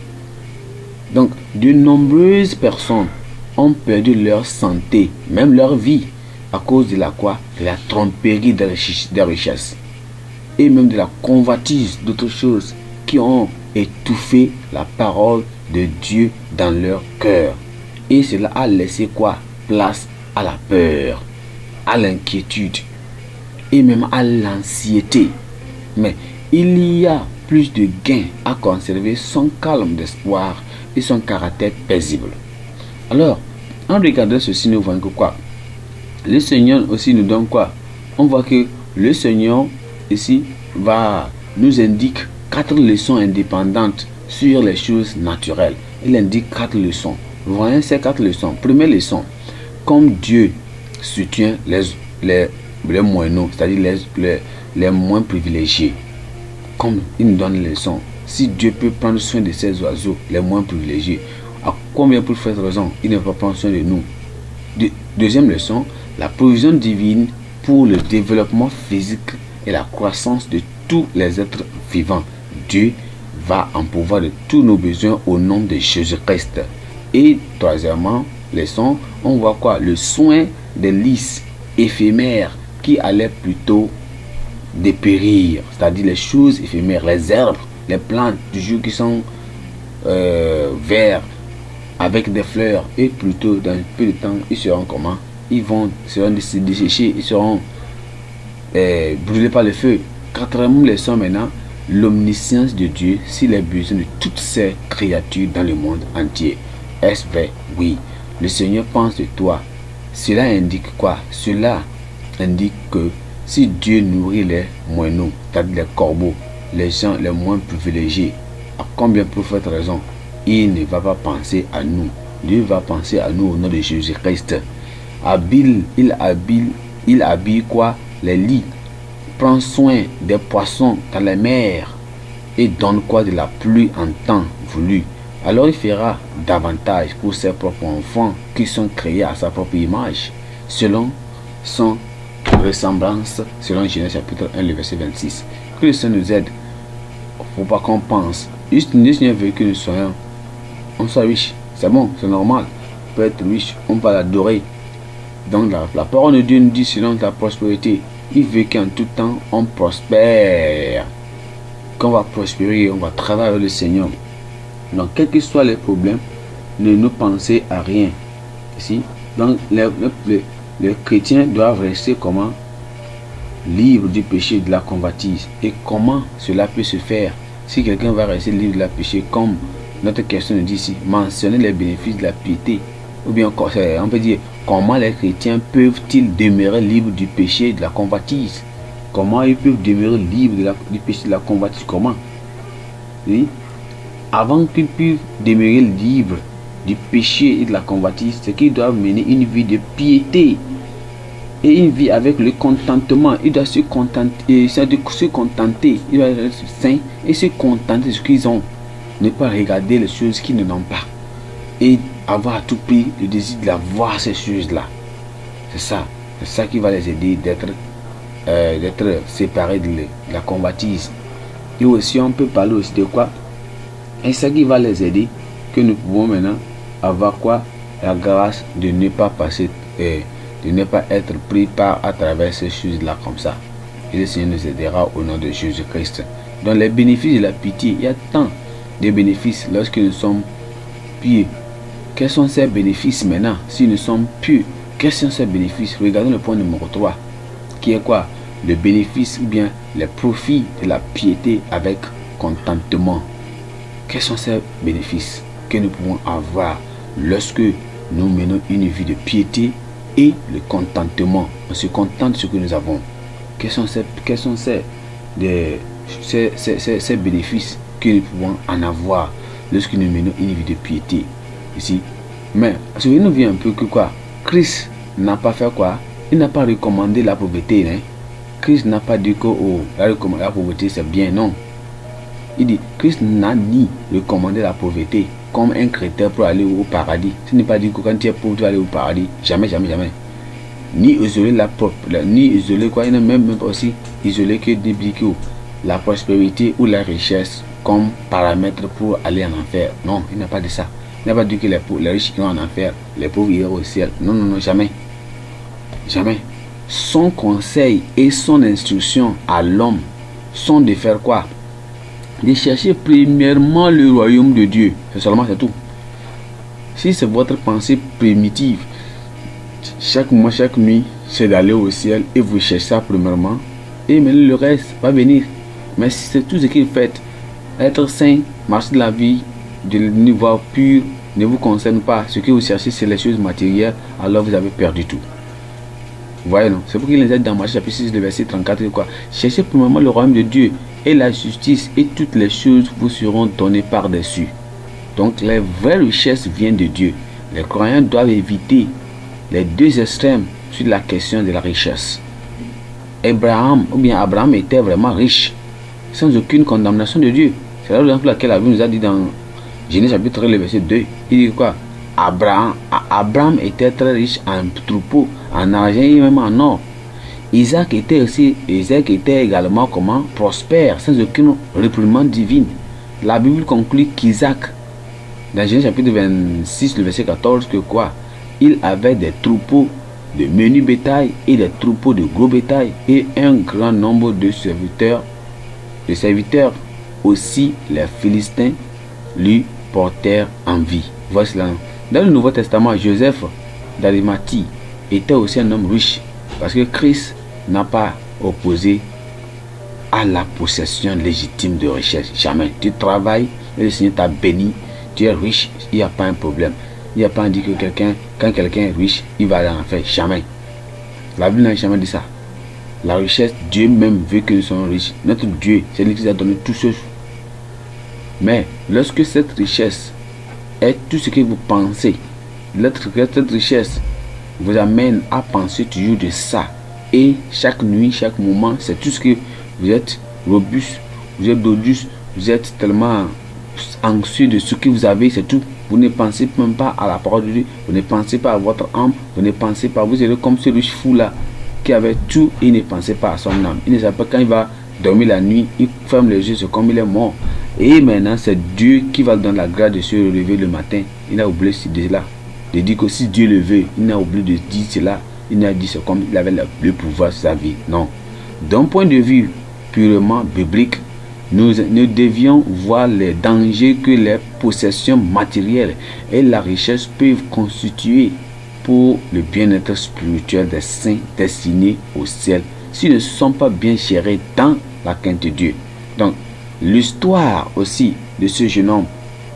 Donc de nombreuses personnes ont perdu leur santé, même leur vie, à cause de la quoi De la tromperie des richesses et même de la convoitise d'autres choses qui ont étouffé la parole de Dieu dans leur cœur. Et cela a laissé quoi Place à la peur, à l'inquiétude et même à l'anxiété. Mais il y a plus de gains à conserver son calme d'espoir et son caractère paisible. Alors, en regardant ceci, nous voyons que quoi Le Seigneur aussi nous donne quoi On voit que le Seigneur ici va nous indique quatre leçons indépendantes sur les choses naturelles. Il indique quatre leçons. Voyons ces quatre leçons. Première leçon, comme Dieu soutient les, les, les moineaux, c'est-à-dire les, les, moins privilégiés, comme il nous donne les leçons. Si Dieu peut prendre soin de ces oiseaux, les moins privilégiés, à combien pour faire raison, il ne va pas prendre soin de nous. deuxième leçon, la provision divine pour le développement physique et la croissance de tous les êtres vivants. Dieu va en pouvoir de tous nos besoins au nom de Jésus-Christ. Et troisièmement, les sons on voit quoi Le soin des lys éphémères qui allaient plutôt dépérir, c'est-à-dire les choses éphémères, les herbes, les plantes du jour qui sont euh, verts avec des fleurs et plutôt dans peu de temps ils seront comment Ils vont seront desséchés, ils seront eh, pas par le feu. Quatrième nous laissons maintenant l'omniscience de Dieu s'il est besoin de toutes ces créatures dans le monde entier. Est-ce vrai Oui. Le Seigneur pense de toi. Cela indique quoi Cela indique que si Dieu nourrit les moineaux, cest à les corbeaux, les gens les moins privilégiés, à combien pour cette raison Il ne va pas penser à nous. Dieu va penser à nous au nom de Jésus-Christ. Habile, il habile il habille quoi les lits, prend soin des poissons dans les mers et donne quoi de la pluie en temps voulu. Alors il fera davantage pour ses propres enfants qui sont créés à sa propre image, selon son ressemblance, selon Genèse chapitre 1, verset 26. Que le Seigneur nous aide. pour pas qu'on pense. Juste le Seigneur veut que nous soyons. On soit riche. C'est bon, c'est normal. On peut être riche, on va l'adorer. Donc la, la parole de Dieu nous dit selon ta prospérité, il veut qu'en tout temps, on prospère. Qu'on va prospérer, on va travailler le Seigneur. Donc, quel que soit les problèmes, ne nous pensez à rien. Si? Donc, les, les chrétiens doivent rester comment Libre du péché de la convoitise. Et comment cela peut se faire Si quelqu'un va rester libre de la péché, comme notre question dit ici, mentionner les bénéfices de la piété ou bien on peut dire comment les chrétiens peuvent-ils demeurer libres du péché et de la convoitise Comment ils peuvent demeurer libres de la, du péché et de la convoitise Comment oui? Avant qu'ils puissent demeurer libres du péché et de la convoitise, c'est qu'ils doivent mener une vie de piété et une vie avec le contentement. Ils doivent se contenter, se contenter. Ils doivent être saints et se contenter de ce qu'ils ont. Ne pas regarder les choses qu'ils n'ont pas. Et avoir à tout prix le désir d'avoir ces choses-là. C'est ça. C'est ça qui va les aider d'être euh, d'être séparés de, la combattise. Et aussi, on peut parler aussi de quoi Et ça qui va les aider que nous pouvons maintenant avoir quoi La grâce de ne pas passer, euh, de ne pas être pris par à travers ces choses-là comme ça. Et le Seigneur nous aidera au nom de Jésus-Christ. Dans les bénéfices de la pitié, il y a tant de bénéfices lorsque nous sommes pieds quels sont ces bénéfices maintenant s'ils ne sont plus Quels sont ces bénéfices Regardons le point numéro 3, qui est quoi Le bénéfice ou bien les profits de la piété avec contentement. Quels sont ces bénéfices que nous pouvons avoir lorsque nous menons une vie de piété et le contentement On se contente de ce que nous avons. Quels sont ces, quels sont ces, ces, ces bénéfices que nous pouvons en avoir lorsque nous menons une vie de piété ici. Mais qui nous vient un peu que quoi Christ n'a pas fait quoi Il n'a pas recommandé la pauvreté. Hein? Christ n'a pas dit que oh, la, pauvreté c'est bien, non. Il dit, Christ n'a ni recommandé la pauvreté comme un critère pour aller au paradis. Ce n'est pas dit que quand tu es pauvre, tu vas aller au paradis. Jamais, jamais, jamais. Ni isoler la pauvre, ni isoler quoi, il n'a même, même aussi isolé que des oh, la prospérité ou la richesse comme paramètre pour aller en enfer. Non, il n'a pas dit ça n'a pas dit que les, les riches iront en enfer, les pauvres iront au ciel. Non, non, non, jamais. Jamais. Son conseil et son instruction à l'homme sont de faire quoi De chercher premièrement le royaume de Dieu. C'est seulement c'est tout. Si c'est votre pensée primitive, chaque mois, chaque nuit, c'est d'aller au ciel et vous cherchez ça premièrement. Et le reste va venir. Mais si c'est tout ce qu'il fait, être saint, marcher de la vie, de niveau pur ne vous concerne pas. Ce que vous cherchez, c'est les choses matérielles, alors vous avez perdu tout. Vous voyez, non C'est pour qu'il les aide dans Matthieu chapitre 6, le verset 34, quoi Cherchez premièrement le royaume de Dieu et la justice, et toutes les choses vous seront données par-dessus. Donc, les vraies richesses viennent de Dieu. Les croyants doivent éviter les deux extrêmes sur la question de la richesse. Abraham, ou bien Abraham était vraiment riche, sans aucune condamnation de Dieu. C'est la raison pour laquelle la Bible nous a dit dans Genèse chapitre 3, le verset 2, il dit quoi Abraham, Abraham était très riche en troupeaux, en argent et même en or. Isaac était aussi, Isaac était également comment prospère, sans aucune réprimande divine. La Bible conclut qu'Isaac, dans Genèse chapitre 26, le verset 14, que quoi Il avait des troupeaux de menu bétail et des troupeaux de gros bétail et un grand nombre de serviteurs, de serviteurs aussi les Philistins lui portèrent en vie. Voici là. Dans le Nouveau Testament, Joseph d'Arimathie était aussi un homme riche parce que Christ n'a pas opposé à la possession légitime de richesse. Jamais. Tu travailles et le Seigneur t'a béni. Tu es riche, il n'y a pas un problème. Il n'y a pas dit que quelqu'un, quand quelqu'un est riche, il va en faire. Jamais. La Bible n'a jamais dit ça. La richesse, Dieu même veut que nous soyons riches. Notre Dieu, c'est lui qui nous a donné tout ce mais lorsque cette richesse est tout ce que vous pensez, cette richesse vous amène à penser toujours de ça. Et chaque nuit, chaque moment, c'est tout ce que vous êtes robuste, vous êtes robuste, vous êtes tellement anxieux de ce que vous avez, c'est tout. Vous ne pensez même pas à la parole de Dieu, vous ne pensez pas à votre âme, vous ne pensez pas, vous êtes comme ce riche fou là qui avait tout et ne pensait pas à son âme. Il ne savait pas quand il va dormir la nuit, il ferme les yeux, c'est comme il est mort. Et maintenant, c'est Dieu qui va donner la grâce de se relever le matin. Il a oublié cela. De dire que si Dieu le veut, il n'a oublié de dire cela. Il n'a dit ce comme il avait le pouvoir sur sa vie. Non. D'un point de vue purement biblique, nous, devions voir les dangers que les possessions matérielles et la richesse peuvent constituer pour le bien-être spirituel des saints destinés au ciel s'ils ne sont pas bien chérés dans la quinte de Dieu. Donc, L'histoire aussi de ce jeune homme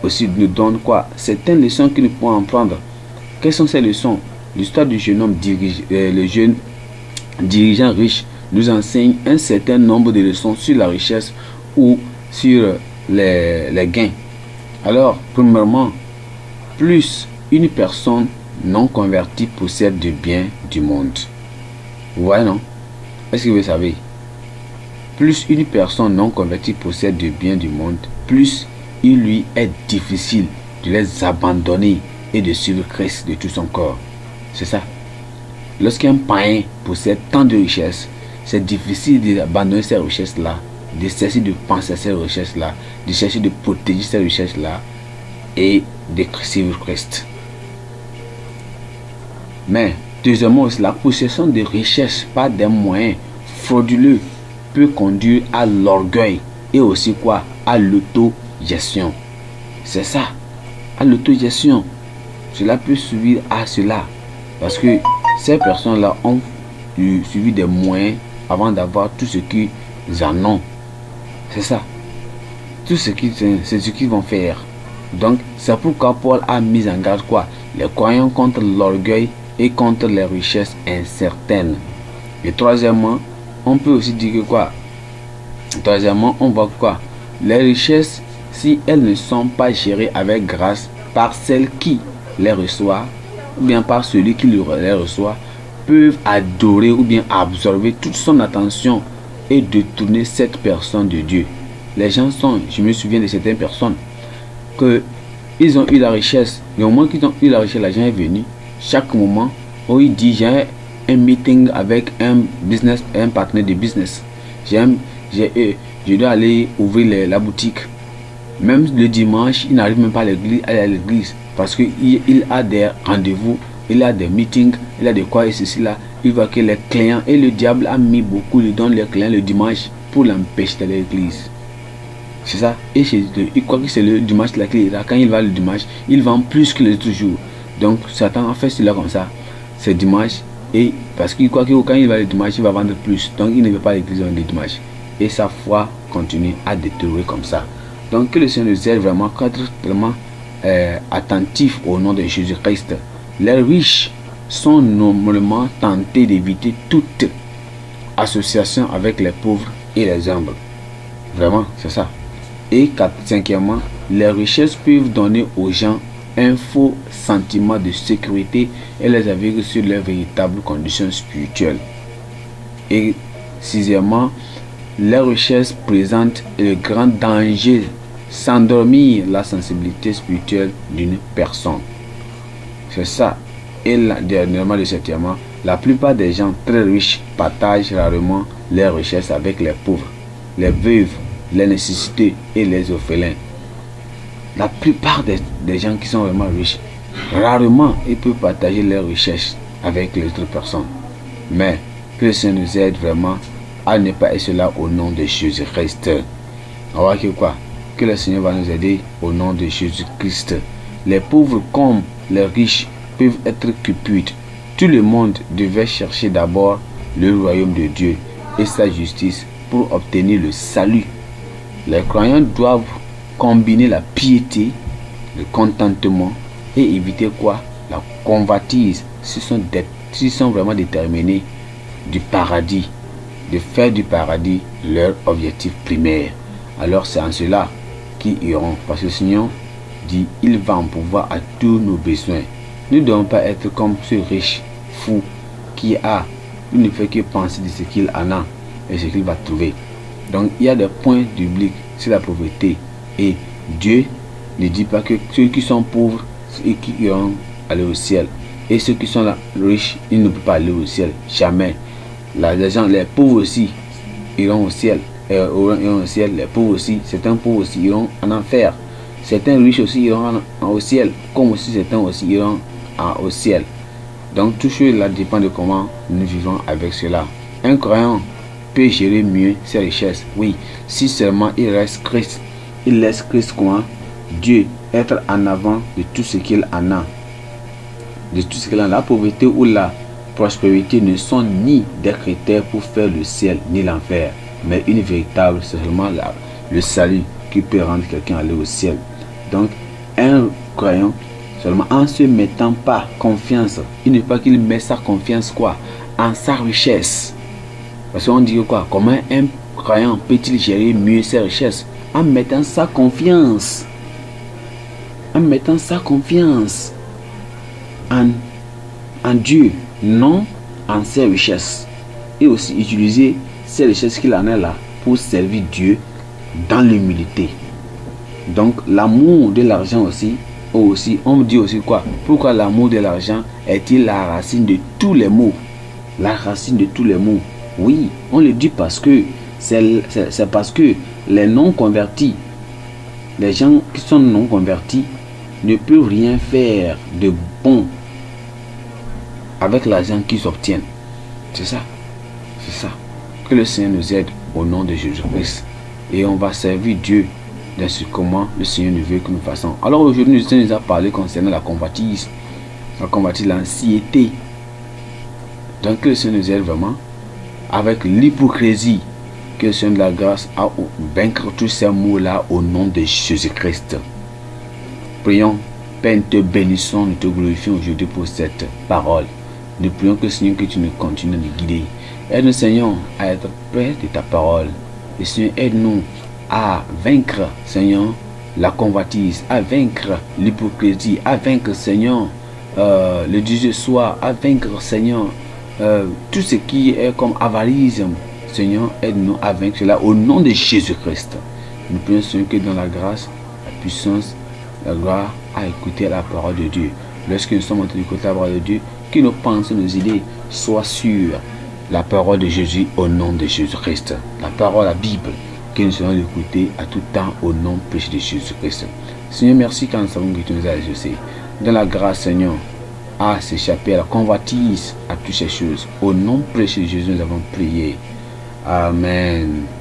aussi nous donne quoi Certaines leçons que nous pouvons prendre. Quelles sont ces leçons L'histoire du jeune homme euh, le jeune dirigeant riche nous enseigne un certain nombre de leçons sur la richesse ou sur euh, les, les gains. Alors, premièrement, plus une personne non convertie possède du bien du monde. voyez, non Est-ce que vous savez plus une personne non convertie possède de biens du monde, plus il lui est difficile de les abandonner et de suivre Christ de tout son corps. C'est ça. Lorsqu'un païen possède tant de richesses, c'est difficile d'abandonner ces richesses-là, de cesser de penser à ces richesses-là, de chercher de protéger ces richesses-là et de suivre Christ. Mais, deuxièmement, la possession de richesses pas des moyens frauduleux peut conduire à l'orgueil et aussi quoi À l'autogestion. C'est ça, à l'autogestion. Cela peut suivre à cela. Parce que ces personnes-là ont suivi des moyens avant d'avoir tout ce qu'ils en ont. C'est ça. Tout ce qu'ils c'est ce qu'ils vont faire. Donc, c'est pourquoi Paul a mis en garde quoi Les croyants contre l'orgueil et contre les richesses incertaines. Et troisièmement, on peut aussi dire que quoi Troisièmement, on voit quoi Les richesses, si elles ne sont pas gérées avec grâce par celle qui les reçoit, ou bien par celui qui les reçoit, peuvent adorer ou bien absorber toute son attention et détourner cette personne de Dieu. Les gens sont, je me souviens de certaines personnes, que ils ont eu la richesse, mais au moment qu'ils ont eu la richesse, l'argent est venu. Chaque moment, où oh, ils disent, un meeting avec un business, un partenaire de business. J'aime, j'ai, euh, je dois aller ouvrir la boutique. Même le dimanche, il n'arrive même pas à l'église, à l'église parce qu'il il a des rendez-vous, il a des meetings, il a de quoi et ceci là. Il voit que les clients et le diable a mis beaucoup, de dons les clients le dimanche pour l'empêcher d'aller à l'église. C'est ça. Et chez il croit que c'est le dimanche la clé. là Quand il va le dimanche, il vend plus que les toujours. Donc Satan a fait cela comme ça. C'est dimanche, et parce qu'il croit que quand il va les dommages il va vendre plus. Donc il ne veut pas l'église en en Et sa foi continue à détruire comme ça. Donc que le Seigneur nous aide vraiment, qu'être vraiment euh, attentif au nom de Jésus-Christ. Les riches sont normalement tentés d'éviter toute association avec les pauvres et les humbles. Vraiment, c'est ça. Et cinquièmement, les richesses peuvent donner aux gens un faux sentiment de sécurité et les aveugle sur leurs véritables conditions spirituelles. Et sixièmement, les richesses présentent le grand danger s'endormir la sensibilité spirituelle d'une personne. C'est ça. Et la, dernièrement, septièmement, la plupart des gens très riches partagent rarement leurs richesses avec les pauvres, les veuves, les nécessités et les orphelins. La plupart des, gens qui sont vraiment riches, rarement ils peuvent partager leurs richesses avec les autres personnes. Mais que ça nous aide vraiment à ne pas être cela au nom de Jésus-Christ. On voit que quoi Que le Seigneur va nous aider au nom de Jésus-Christ. Les pauvres comme les riches peuvent être cupides. Tout le monde devait chercher d'abord le royaume de Dieu et sa justice pour obtenir le salut. Les croyants doivent combiner la piété, le contentement et éviter quoi La convoitise. S'ils sont, ce sont vraiment déterminés du paradis, de faire du paradis leur objectif primaire, alors c'est en cela qu'ils iront. Parce que Seigneur dit il va en pouvoir à tous nos besoins. Nous ne devons pas être comme ce riche fou qui a. Il ne fait que penser de ce qu'il en a et ce qu'il va trouver. Donc il y a des points du sur la pauvreté, et Dieu ne dit pas que ceux qui sont pauvres, et qui iront aller au ciel. Et ceux qui sont là, riches, ils ne peuvent pas aller au ciel. Jamais. Là, les gens, les pauvres aussi, iront au ciel. et euh, au ciel. Les pauvres aussi, certains pauvres aussi iront en enfer. Certains riches aussi iront au ciel. Comme aussi certains aussi iront au ciel. Donc tout cela dépend de comment nous vivons avec cela. Un croyant peut gérer mieux ses richesses. Oui, si seulement il reste Christ il laisse Christ quoi Dieu être en avant de tout ce qu'il en a. De tout ce qu'il en a. La pauvreté ou la prospérité ne sont ni des critères pour faire le ciel ni l'enfer, mais une véritable, seulement là le salut qui peut rendre quelqu'un aller au ciel. Donc, un croyant, seulement en se mettant pas confiance, il ne faut pas qu'il met sa confiance quoi En sa richesse. Parce qu'on dit quoi Comment un croyant peut-il gérer mieux ses richesses en mettant sa confiance, en mettant sa confiance en, Dieu, non en ses richesses. Et aussi utiliser ses richesses qu'il en est là pour servir Dieu dans l'humilité. Donc l'amour de l'argent aussi, oh, aussi, on me dit aussi quoi Pourquoi l'amour de l'argent est-il la racine de tous les maux La racine de tous les maux. Oui, on le dit parce que c'est parce que les non convertis, les gens qui sont non convertis ne peuvent rien faire de bon avec l'argent qu'ils obtiennent. C'est ça. C'est ça. Que le Seigneur nous aide au nom de Jésus-Christ. Et on va servir Dieu dans ce comment le Seigneur nous veut que nous fassions. Alors aujourd'hui, le Seigneur nous a parlé concernant la convoitise, la convoitise, l'anxiété. Donc que le Seigneur nous aide vraiment avec l'hypocrisie que le Seigneur de la grâce a vaincre tous ces mots là au nom de Jésus-Christ. Prions, Père, nous te bénissons, nous te glorifions aujourd'hui pour cette parole. Nous prions que Seigneur, que tu nous continues de guider. Aide-nous, Seigneur, à être près de ta parole. Et Seigneur, aide-nous à vaincre, Seigneur, la convoitise, à vaincre l'hypocrisie, à vaincre, Seigneur, euh, le Dieu de soi, à vaincre, Seigneur, euh, tout ce qui est comme avarisme, Seigneur, aide-nous à vaincre cela au nom de Jésus-Christ. Nous prions que dans la grâce, la puissance, la gloire à écouter la parole de Dieu. Lorsque nous sommes en train d'écouter la parole de Dieu, que nos pensées, nos idées soient sur la parole de Jésus au nom de Jésus-Christ. La parole, la Bible, que nous allons écouter à tout temps au nom de Jésus-Christ. Seigneur, merci quand nous savons que tu nous as Dans la grâce, Seigneur, à s'échapper à la convoitise, à toutes ces choses. Au nom de Jésus, nous avons prié. Amen.